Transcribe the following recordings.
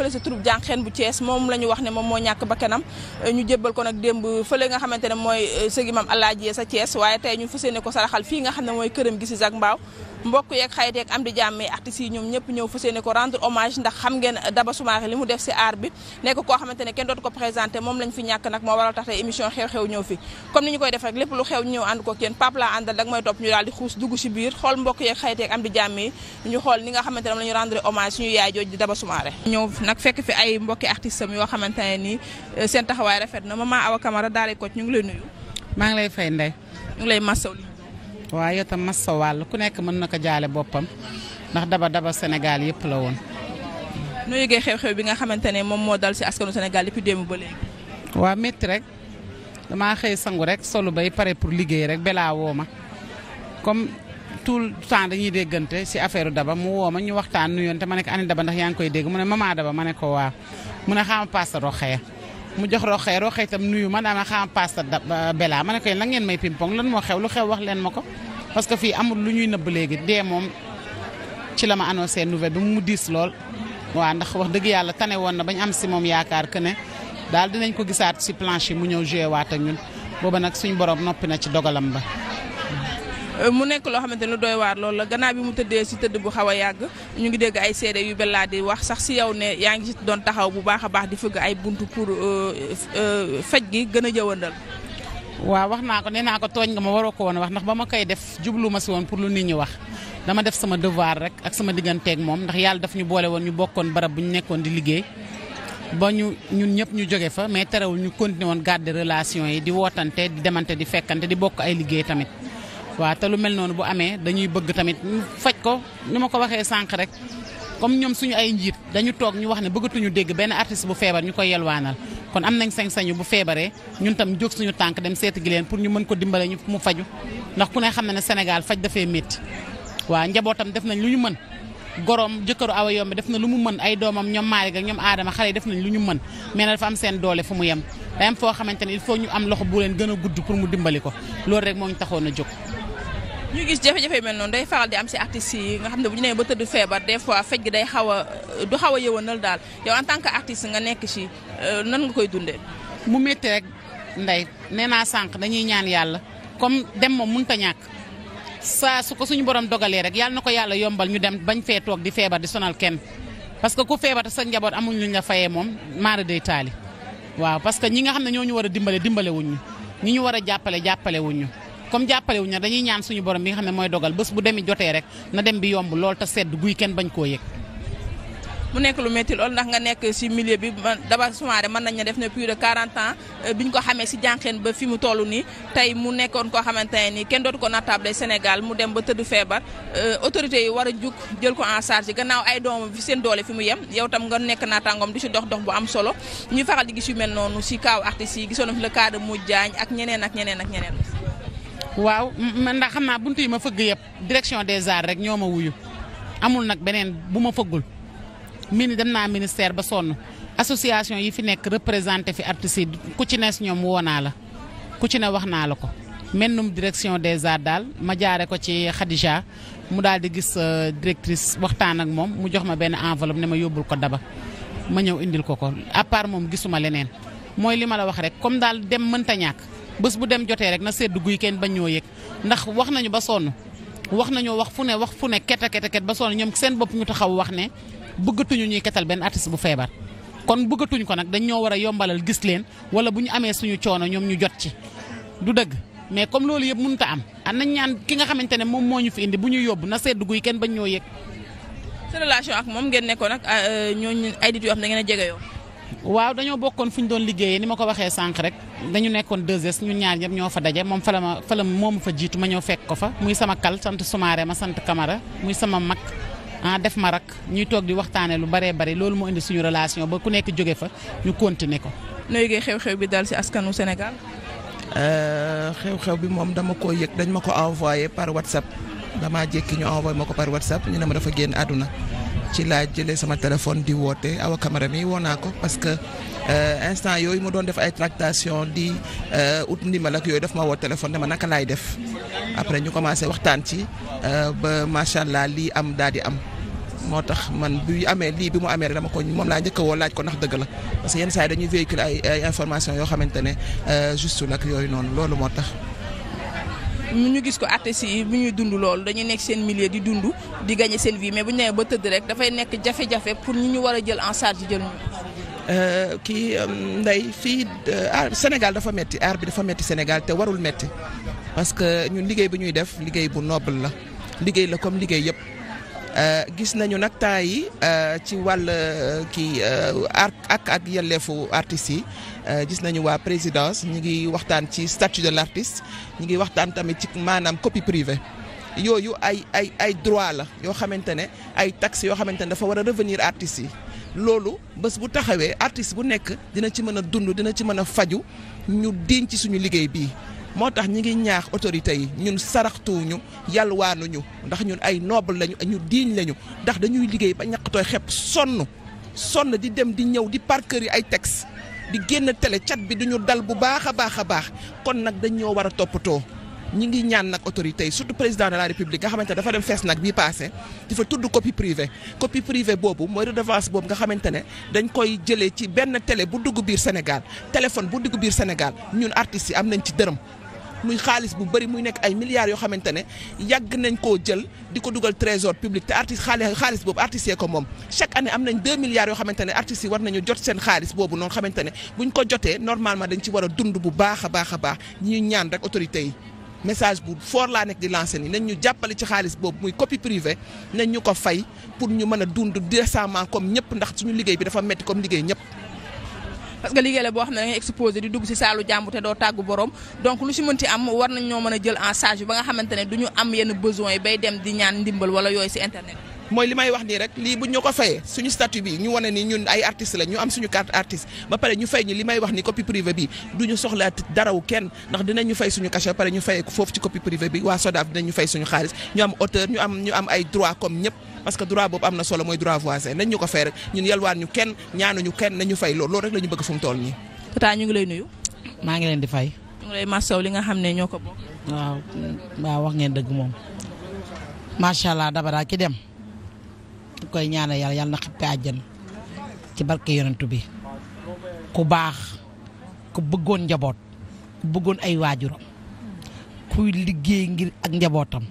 fële si troupe jànqeen bu Thiès moom la ñu wax ne moom moo ñàkk bakkanam ñu jébbal ko nag démb fële nga xamante ne mooy euh, sëgi saraxal fii nga xam ne mooy këram gisi ak mbaaw mbokk yeeg xarit am di jàmm ñu xool ni nga xamante ne la rendre hommage suñu yaay jooju di Daba Soumaré nag fekk fi ay mbokki artistes am yoo xamante ne nii euh, seen taxawaay rafet na maman Awa Camara daal ko ñu ngi lay maa ngi lay fay ndey ñu ngi lay masaw li waaw yow tam massa ku nekk mën na ko jaale boppam ndax daba daba Sénégal yëpp la woon. noo yëgee xew-xew bi nga xamante ne moom moo dal si askanu Sénégal depuis démb ba léegi. waa metti rek damaa xëy sangu rek solu bay pare pour liggéey rek belaa woo ma tout le temps dañuy déggante si affaire daba mu woo ma ñu waxtaan nuyoon te ma ne ko ani daba ndax yaa ngi koy dégg mu ne maman daba ma ne ko waaw mu ne xaama paas roxee mu jox roxee roxee itam nuyu ma daama xaama paas euh, bela ma ne ko yéen la ngeen may ping-pong lan moo xew lu xew wax leen ma ko parce que fii amul lu ñuy nëbb léegi dee moom ci la ma annoncé nouvelle bi mu diis lool waa ndax wax dëgg yàlla tane woon na bañ am si moom yaakaar que ne daal dinañ ko gisaat si planche yi mu ñëw joué waat ak ñun nag suñ borom noppi na ci dogalam ba Euh, mu nekk loo xamante ne doy waar loolu la gannaaw bi mu tëddee si tëdd bu xaw a yàgg ñu ngi dégg ay seede yu bellaa di wax sax si yow ne yaa ngi si doon taxaw bu baax a baax di fëgg ay buntu pour euh, euh, faj gi gën a jëwandal. waaw wax naa ko nee naa ko tooñ nga ma waroo ko woon wax ndax ba ma koy def jublu si woon pour lu nit ñi wax dama def sama devoir rek ak sama digganteeg moom ndax yàlla daf ñu boole woon ñu bokkoon barab bu ñu nekkoon di liggéey ba ñu ñun ñëpp ñu jóge fa mais terewul ñu continué woon garder relation yi di di demante di fekkante di bokk ay liggéey tamit waaw te lu mel noonu bu amee dañuy bëgg tamit faj ko ni ma ko waxee sànq rek comme ñoom suñu ay njiit dañu toog ñu wax ne bëggatuñu dégg benn artiste bu feebar ñu ko yelwaanal kon am nañ sañ-sañu bu feebaree ñun tam jóg suñu tànk dem seeti gi leen pour ñu mën ko dimbale ñu mu faju ndax ku ne xam na ne Sénégal faj dafee métti waaw njabootam def nañ lu ñu mën goroom jëkkëru awa yomb def na lu mu mën ay doomam ñoom maari ak ñoom aadama xale yi def nañ lu ñu mën mais na dafa am seen doole fu mu yem day am foo xamante ne il faut ñu am loxo bu leen gën a gudd pour mu dimbali ko loolu rek moo taxoon a jóg ñu gis jafe-jafe mel noonu day faral di am si artistes yi nga xam ne bu ñu nee ba tëdd feebar de fois fej gi day xaw a du xaw a yëwanal daal yow en tant que artiste nga nekk si euh, nan nga koy dundee. mu métti rek ndey nee naa sànq dañuy ñaan yàlla comme dem moom mënut a ñàkk saa su ko suñu borom dogalee rek yàlla na ko yàlla yombal ñu dem bañ fee toog di feebar di sonal kenn parce que ku feebar sa njaboot amuñ luñ la fayee moom maara day taali waaw parce que ñi nga xam ne ñoo ñu war a dimbale dimbale wuñ ñu ñi ñu war a jàppale jàppale wuñ ñu comme jàppale wuñu dañuy ñaan suñu borom bi nga xam ne mooy dogal bés bu demi jotee rek na dem bi yomb lool te sedd guy kenn bañ koo yëg. mu nekk lu métti lool ndax nga nekk si millier bi Daba Soumaré mën nañ def na plus de 40 ans euh, bi ñu ko xamee si jànqeen ba fi mu toll nii tey mu nekkoon koo xamante ne nii kenn dootu ko nattable Sénégal mu dem ba tëdd feebar euh, autorité yi war a jug jël ko en charge gannaaw ay doomam fi seen doole fi mu yem yow tam nga nekk naataangoom di si dox dox bu am solo ñuy faral di gis yu mel noonu si kaaw artistes yi gisoon na fi le cas de ak ñeneen ak ñeneen ñeneen. waaw man ndax xam naa buntu yi ma fëgg yëpp direction des arts rek ñoo ma wuyu amul nag beneen bu ma fëggul mini dem naa ministère ba sonn association yi fi nekk représenté fi artistes yi ku ci nees ñoom woo naa la ku wax naa la ko mennum direction des arts daal ma jaare ko ci Khadija mu daal di gis euh, directrice waxtaan ak moom mu jox ma benn enveloppe ne ma yóbbul ko daba ma ñëw indil ko ko à part moom gisuma leneen mooy li ma la wax rek comme daal dem mënta ñàkk bës bu dem jotee rek na sedd guy kenn bañ ñoo yëg ndax wax nañu ba sonn wax nañoo wax fu ne wax fu ne ket a ket a ket ba sonn ñoom seen bopp ñu taxaw wax ne bëggatuñu ñuy ketal benn artiste bu feebar. kon bëggatuñ ko nag dañ ñoo war a yombalal gis leen wala bu ñu amee suñu coono ñoom ñu jot ci du dëgg mais comme loolu yëpp mënut a am an nañ ñaan ki nga xamante ne moom moo ñu fi indi bu ñu yóbbu na sedd guy kenn bañ ñoo yëg. sa relation ak moom ngeen nekkoon ak euh, ñooñu ay nit yoo xam ngeen a jege waaw dañoo bokkoon fu ñu doon liggéeyee ni ma ko waxee sànq rek dañu nekkoon 2S ñun ñaar ñoo fa daje moom fa la ma fa la moom fa jiitu ma ñëw fekk ko fa muy sama kal sant Soumaré ma sant Camara muy sama mag ah def ma rak ñuy toog di waxtaanee lu baree bari loolu moo indi suñu relation ba ku nekk jóge fa ñu continuer ko. nooy yëgee xew-xew bi daal ci askanu Sénégal. Euh, xew-xew bi moom dama ko yëg dañ ma ko envoyé par WhatsApp damaa jekki ñu envoyé ma ko par WhatsApp ñu ne ma dafa génn àdduna. ci laa jëlee sama téléphone di woote awa camara mi woo naa ko parce que euh, instant yooyu mu doon def ay tractation di euh, ut ndimbal ak yooyu daf ma woo téléphone dama naka laay def après ñu commencé waxtaan ci euh, ba macha allah lii am daal di am. moo tax man bi amee lii bi mu amee rek dama ko moom laa njëkk woo laaj ko ndax dëgg la parce que yenn saa yi dañuy véhiculer ay ay information yoo xamante ne juste ak yooyu noonu loolu moo tax. ñu gis ko artistes yi bu ñuy dund loolu dañuy nekk seen millier di dund di gagné seen vie mais bu ñu nee ba tëdd rek dafay nekk jafe-jafe pour ñu ñu war a jël en charge jël ñu. Euh, kii euh, nday fii euh, Sénégal dafa metti aar bi dafa metti Sénégal te warul metti parce que ñu liggéey bu ñuy def liggéey bu noble la liggéey la comme liggéey yëpp. Euh, gis nañu nag temps yi euh, ci wàll euh, kii ak ak yelleefu artistes yi gis nañu waa présidence ñu ngi waxtaan ci statut de l'artiste ñu ngi waxtaan tamit ci maanaam copie privée yooyu ay ay ay droit la yoo xamante ne ay taxes yoo xamante ne dafa war a revenir artistes yi loolu bés bu taxawee artiste bu nekk dina ci mën a dund dina ci mën a faju ñu diin ci suñu liggéey bii moo tax ñi ngi ñaax autorité yi ñun saraxtuwuñu yalwaanuñu ndax ñun ay noble lañu ñu diiñ lañu ndax dañuy liggéey ba ñaqtooy xepp sonn sonn di dem di ñëw di parcœur yi ay texte di génn télé cat bi duñu dal bu baax a baax a baax kon nag dañ ñoo war a toppatoo ñi ngi ñaan nag autorité yi surtout président de la république nga xamante dafa dem fees nag bii passé di fa tudd copie privée copie privée boobu mooy redevance boobu nga xamante ne dañ koy jëlee ci benn télé bu biir Sénégal téléphone bu dugg biir Sénégal ñun artistes yi am nañ ci dërëm muy xaalis bu bëri muy nekk ay milliards yoo xamante ne yàgg nañ koo jël di ko dugal trésor public te artiste xaalis boobu artistes yee ko moom chaque année am nañ 2 milliards yoo xamante ne artistes yi war nañu jot seen xaalis boobu noonu xamante ne buñ ko jotee normalement dañ ci war a dund bu baax a baax a baax ñuy ñaan rek autorités yi message bu fort laa nekk di lancé ni nañ ñu jàppale ci xaalis boobu muy copie privée nañ ñu ko fay pour ñu mën a dund décemment comme ñëpp ndax suñu liggéey bi dafa metti comme liggéey ñëpp parce que liggéey la boo xam ne da ngay exposé di dugg si saalu jàmbu te doo tàggu borom donc lu si mënti am war nañ ñoo mën a jël en charge ba nga xamante ne du ñu am yenn besoin yi bay di ñaan ndimbal wala yooyu si internet mooy li may wax nii lii bu ñu ko fayee suñu statut ñu wane ni ñun ay artistes la ñu am suñu carte artiste ba pare ñu fay ñu li may wax ni copie privée bi du ñu soxla daraw kenn ndax dinañu fay suñu cachet ba pare ñu fayee ko foofu ci copie privée bi waa SODAV dinañu fay suñu xaalis ñu am auteur ñu am ay droit comme ñëpp parce que droit boobu am na solo mooy droit voisin nañ ñu ko fay rek ñun yalwaan ñu kenn ñaanuñu kenn nañu fay loolu loolu rek la ñu bëgg fu mu toll nii. ñu ngi lay nuyu. maa ngi leen di fay. ñu ngi lay masaw li nga xam ne ñoo ko bokk. waaw wax ngeen dëgg moom macha allah dabara dem koy ñaanal yàlla yàlla na xippe àjjana ci barke yonentu bi ku baax ku bëggoon njaboot ku bëggoon ay waajuram kuy liggéey ngir ak njabootam.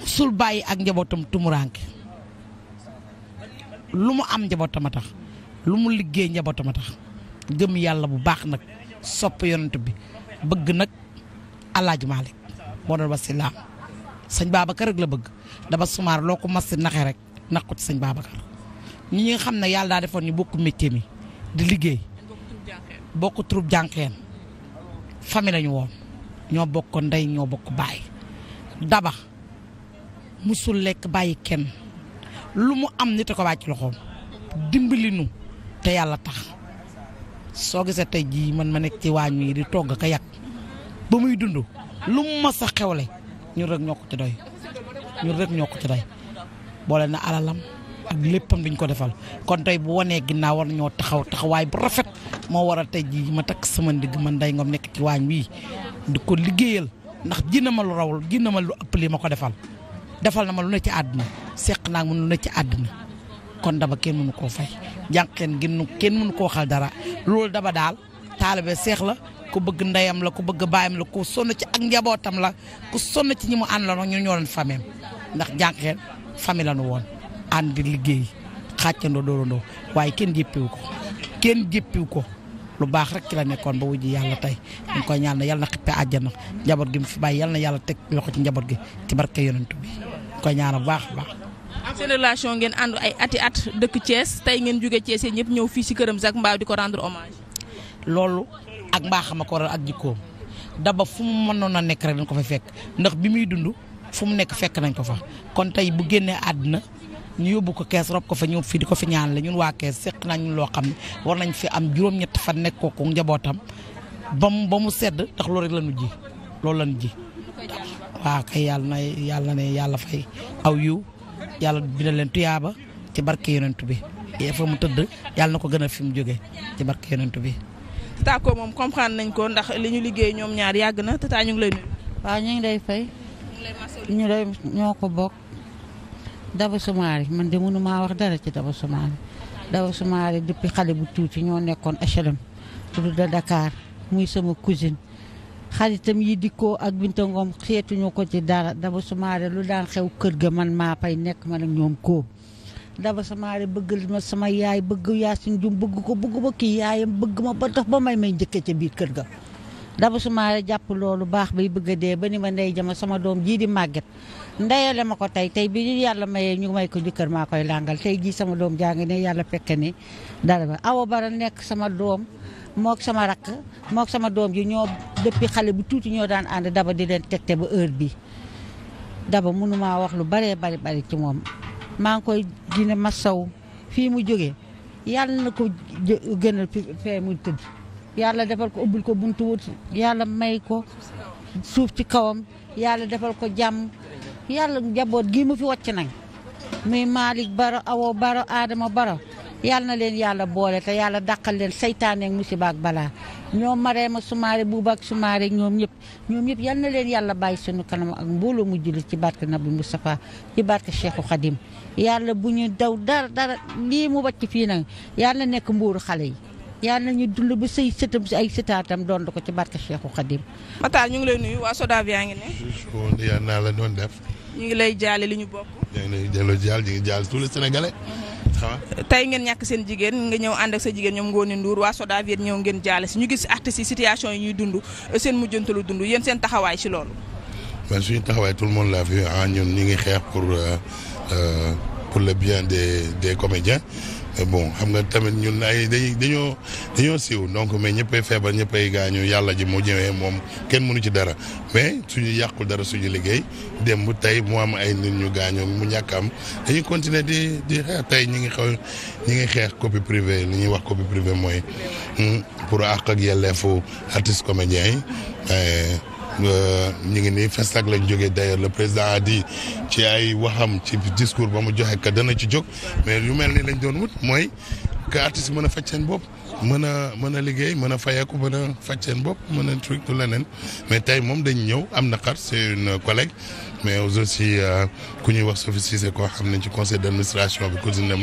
musul bàyyi ak njabootam tumuraanke lu mu am njabootam a tax lu mu liggéey njabootam a tax gëm yàlla bu baax nag sopp yonent bi bëgg nag alaaji Malick moo doon wasilaam sëñ Babacar rek la bëgg daba sumaar loo ko mas si naxee rek nax ko ci sëñ Babacar ñi ñi nga xam ne yàlla daa defoon ñu bokk métier mi di liggéey bokk troupe jànqeen famille lañu woon ñoo bokk ndey ñoo bokk baay daba musul lekk bàyyi kenn lu mu am nit a ko wàcc loxoom dimbali nu te yàlla tax soo gisee tey jii man ma nekk ci waañ wii di togg ka yàq ba muy dund lu ma mës xewle ñun rek ñoo ko ci doy ñun rek ñoo ko ci doy boole na alalam ak léppam duñ ko defal kon tey bu wanee ginnaaw war ñoo taxaw taxawaay bu rafet moo war a tey jii ma takk sama ndigg man Ndeye Ngom nekk ci waañ wii di ko liggéeyal ndax ji na ma lu rawul ji na ma lu ëpp lii ma ko defal. defal na ma lu ne ci àdduna seq naa mun lu ne ci àdduna kon daba kenn mënu koo fay jànqeen gënnu kenn mënu koo xal dara loolu daba daal taalibe seex la ku bëgg ndeyam la ku bëgg baayam la ku sonn ci ak njabootam la ku sonn ci ñi mu ànd la no ñu ñoo doon fameem ndax jànqeen fami la nu woon ànd di liggéey xàccandoo doorandoo waaye kenn jéppiwu ko kenn jéppiwu ko lu baax rek ci la nekkoon ba wujji yàlla tey ñu koy ñaan na yàlla na xippee àjjana njaboot gi mu fi bàyyi yàlla na yàlla teg loxo ci njaboot gi ci barke yonent bi ñu koy ñaan bu baax a baax. seen relation ngeen ay ati at dëkk Thiès tey ngeen jóge Thiès yéen ñëpp ñëw fii si këram Zac Mbao di ko rendre hommage. loolu ak mbaaxam ko waral ak jikkoom daba fu mu mënoon a nekk rek dañ ko fa fekk ndax bi muy dund fu mu nekk fekk nañ ko fa kon tey bu génnee àddina ñu yóbbu ko kees rob ko fa ñëw fii di ko fi ñaan la ñun waa kees seq nañ loo xam ne war nañ fi am juróom-ñett fan nekk ko njabootam ba mu ba mu sedd ndax loolu rek la ji loolu la ñu ji waaw kay yàlla na yàlla ne yàlla aw yiw yàlla bina leen tuyaaba ci barke yonent bi fa mu tëdd yàlla na ko gën fi mu jógee ci barke bi tata ko moom comprendre nañ ko ndax li liggéey ñoom ñaar yàgg na tata ñu ngi lay ñu ngi lay fay ñu lay ñoo ko bokk Daba Soumaré man de mënu maa wax dara ci Daba Soumaré Daba Soumaré depuis xale bu tuuti ñoo nekkoon HLM lu da Dakar muy sama cousine xaritam yi dikkoo ak Binta Ngom xeetuñu ko ci dara Daba Soumaré lu daan xew kër ga man maa fay nekk man ak ñoom koo Daba Soumaré bëgg ma sama yaay bëgg Yaasin Jum bëgg ko bëgg ba kii yaayam bëgg ma ba tax ba may may njëkkee ca biir kër ga Daba Soumaré jàpp loolu baax bay bëgg dee ba ni ma ndey jama sama doom jii di màgget la ma ko tey tey bi ñu yàlla mayee ñu may ko jëkkër maa koy làngal tey jii sama doom jaa ngi ne yàlla fekke ni dara ba awa bara nekk sama doom mook sama rakk mook sama doom ji ñoo depuis xale bu tuuti ñoo daan ànd daba di leen tegte ba heure bi daba mënumaa wax lu baree bari bari ci moom maa ngi koy dina masaw fii mu jógee yàlla na ko gënal fee mu tëdd yàlla defal ko ubbil ko buntu wut yàlla may ko suuf ci kawam yàlla defal ko jàmm yàlla njaboot gii mu fi wàcc nañ muy Malick Baro Awo Baro Adama Baro yàlla na leen yàlla boole te yàlla dàqal leen saytaane ak musiba ak balaa ñoom Marème Soumaré Bouba ak Soumaré ñoom ñëpp ñoom ñëpp yal na leen yàlla bàyyi sunu kanam ak mbooloo mu julli ci barke Nabi Moustapha ci barke Cheikhou Khadim yàlla bu daw dara dara lii mu wàcc fii nag yàlla nekk mbuuru xale yi. yàlla nañu dund ba say sëtam si ay sëtaatam doon ko ci barke Cheikhou Khadim. Matar ñu ngi lay nuyu waa Sodav yaa ngi ne. naa la doon def. ñu ngi lay jaale li ñu bokk. yaa ngi lay delloo jaal ñu ngi jaal tous les Sénégalais. tey ngeen ñàkk seen jigéen nga ñëw ànd ak sa jigéen ñoom Ngone nduur waa Sodav yéen ñëw ngeen jaale si ñu gis artistes yi situation yi ñuy dund seen mujjantalu dund yéen seen taxawaay si loolu. man suñu taxawaay tout le monde l'a vu ñun ñu ngi xeex pour euh, euh, pour le bien de des comédiens Euh, bon xam nga tamit ñun ay dañuy dañoo dañoo siiw donc mais ñëppay feebar ñëppay gaañu yàlla ji mu ñëwee moom kenn mënu ci dara mais suñu yàqul dara suñu liggéey démb tey mu am ay nit ñu gaañoo mu ñàkk am dañuy continuer di di xeex tey ñi ngi xaw ñi ngi xeex copie privée li ñuy wax copie privée mooy hmm, pour àq ak yelleefu artiste comédien yi euh, Euh, ñu ngi nii Fesnac lañ jógee d'ailleurs la président a ci ay waxam ci discours ba mu joxe que dana ci jóg mais yu mel ni lañ doon wut mooy que artistes mën a faj seen bopp mën a mën a liggéey mën a fayeeku mën a faj seen bopp mën a truc du leneen mais tey moom dañ ñëw am na xar c'est une collègue mais aussi euh, ku ñuy wax Sophie koo xam ne ci conseil d' bi cousine am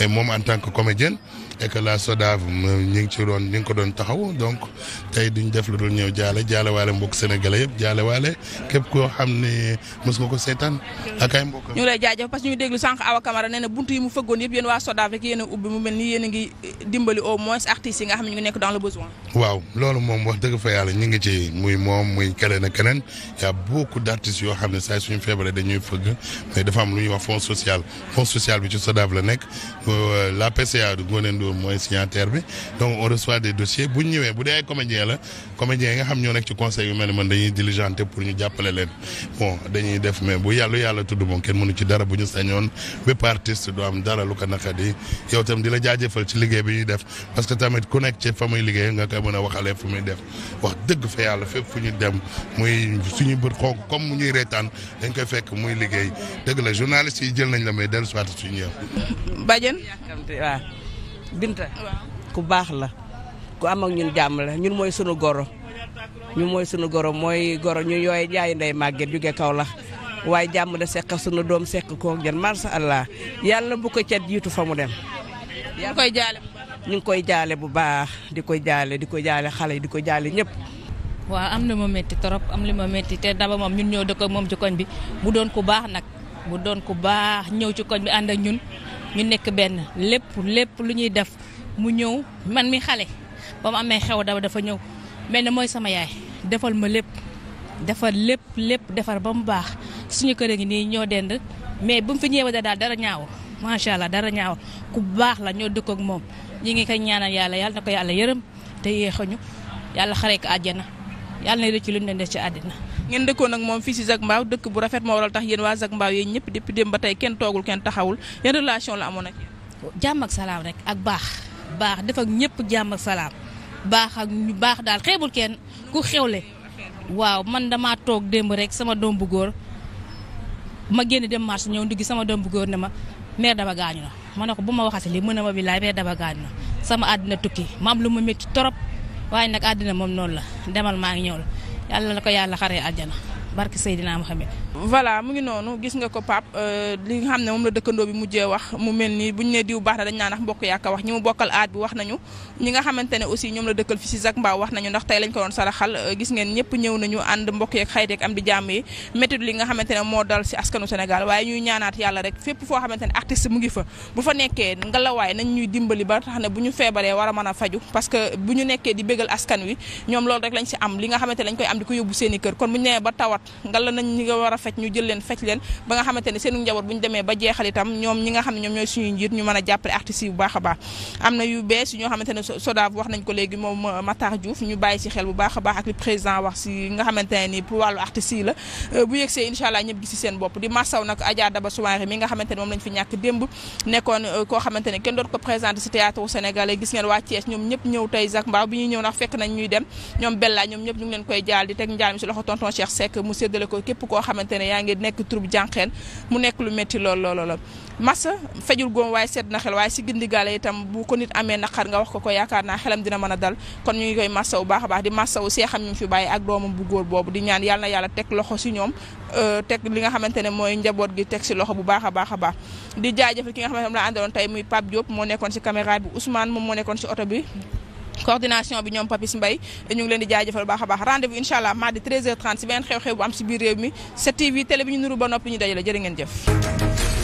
la moom en tant que comédienne et que la ñu ngi ko doon taxaw donc tey duñ def lu dul ñëw jaale jaale waale mbokk sénégalais yëpp jaale waale képp koo xam ne mos nga ko seetaan ak ay mbokk ñu lay jaajëf parce que ñu déglu sànq Awa Camara nee na buntu yi mu fëggoon yëpp yéen waa SODAV rek yéen a ubbi mu mel ni yéen a ngi dimbali au moins artistes yi nga xam ne ñu ngi nekk dans a saa suñu feebaree dañuy fëgg mais dafa am lu ñuy wax fonds sociale fonds sociale bi ci SODAV la nekk euh, la PCA du Ngoné Ndour mooy signataire bi donc on reçoit des dossiers bu ñëwee bu dee ay comédien la comédiens yi nga xam ñoo nekk ci conseil yu mel ni man dañuy diligenté pour ñu jàppale leen bon dañuy def mais bu yàlla yàlla tudd moom kenn mënu ci dara bu ñu sañoon bépp artiste du dara lu ko naqadi yow tam di la jaajafal ci liggéey bi ñuy def parce que tamit ku nekk ci fa muy liggéey nga koy mën a waxalee fu muy def wax dëgg fa yàlla fépp fu ñu dem muy suñu bët xonk comme ñuy reetaan dañ koy fekk muy liggéey dëgg la journaliste yi jël nañ la mais dellu si waat suñu yëf. Badiane. Binta la. ku am ak ñun jàmm la ñun mooy sunu goro ñun mooy sunu goro mooy goro ñu yooy jaay ndey màgget jóge kaw la waaye jàmm da seq sunu doom seq koog jën masha Allah yàlla bu ko cat jiitu fa mu dem. ñu koy jaale ñu ngi koy jaale bu baax di koy jaale di ko jaale xale yi di ko jaale ñëpp. waaw am na ma métti trop am li ma métti te daba moom ñun ñëw dëkk ak moom ci koñ bi bu doon ku baax nag bu doon ku baax ñëw ci koñ bi ànd ak ñun ñu nekk benn lépp lépp lu ñuy def mu ñëw man mi xale. ba mu amee xew dama dafa ñëw mel na mooy sama yaay defal ma lépp defar lépp lépp defar ba mu baax suñu kër a ngi nii ñoo dend mais bu mu fi ñëwee daal dara ñaaw macha allah dara ñaaw ku baax la ñoo dëkk moom ñu ngi koy ñaanal yàlla yàlla na ko yàlla yërëm te yéexañu yàlla xaree ko àjjana yàlla na rëcc lu ñu doon ci àddina. ngeen dëkkoon ak moom fii si Zac Mbao dëkk bu rafet moo waral tax yéen waa Zac Mbao yéen ñëpp depuis démb ba tey kenn toogul kenn taxawul yan la amoon ak jàmm ak salaam ak baax. baax def ak ñëpp jàmm ak salaam baax ak ñu baax daal xeebul kenn ku xewle waaw man damaa toog démb rek sama doom bu góor ma génn dem marché ñëw ndigg sama doom bu góor ne ma mère dama gaañu na ma ne ko bu ma waxati lii mën na ma billaay mère dama gaañu na sama àddina tukki maam lu ma métti torop waaye nag àddina moom noonu la demal maa ngi ñëw la yàlla na ko yàlla xaree aljana barke Seydina Muhammad voilà mu ngi noonu gis nga ko pap euh, li nga xam ne moom la dëkkandoo bi mujjee wax mu mel ni bu ñu nee diw baax na dañ naan ndax mbokk yaaka wax ñi mu bokkal ne aussi ñoom la dëkkal fi si Zac Mbao wax nañu ndax tey lañ ko doon euh, li ba tax ne bu ñu feebaree war a mën bu ñu nekkee di bégal askan wi ñoom loolu li nga xamante ne lañ koy am di ko yóbbu seeni kër kon bu ñu nee ba tawat nga la nañ ñi nga faj ñu jël leen faj leen ba nga xamante ne seenu njaboot bu ñu demee ba jeexal itam ñoom ñi euh, ñëw tey Zac Mbao bi ñuy ñëw nag fekk nañ ñuy dem ñoom Bella ñoom ñëpp ñu leen koy jaal di teg njaal mi si loxo tonton Cheikh Seck mu séddale ko képp koo xamante xamante ne yaa ngi nekk troupe jànqeen mu nekk lu métti lool lool massa fejul góom waaye seet na xel waaye si gindigaale itam bu ko nit amee naqar nga wax ko ko yaakaar naa xelam dina mën a dal kon ñu ngi koy massa bu a baax di massa wu seexam ñu fi bàyyi ak doomam bu góor boobu di ñaan yàlla na yàlla teg loxo si ñoom euh, teg li nga xamante mooy njaboot gi teg si loxo bu baax a baax a baax di jaajëfal ki nga xamante ne la àndaloon tey si caméra bi Ousmane coordination bi ñoom Papis Mbaye ñu ngi leen di jaajëfal baax a baax rendez-vous incha allah mardi 13h30 xew-xew bu am si biir réew mi 7TV télé bi ñu nuru ba noppi ñu dajale jërë jëf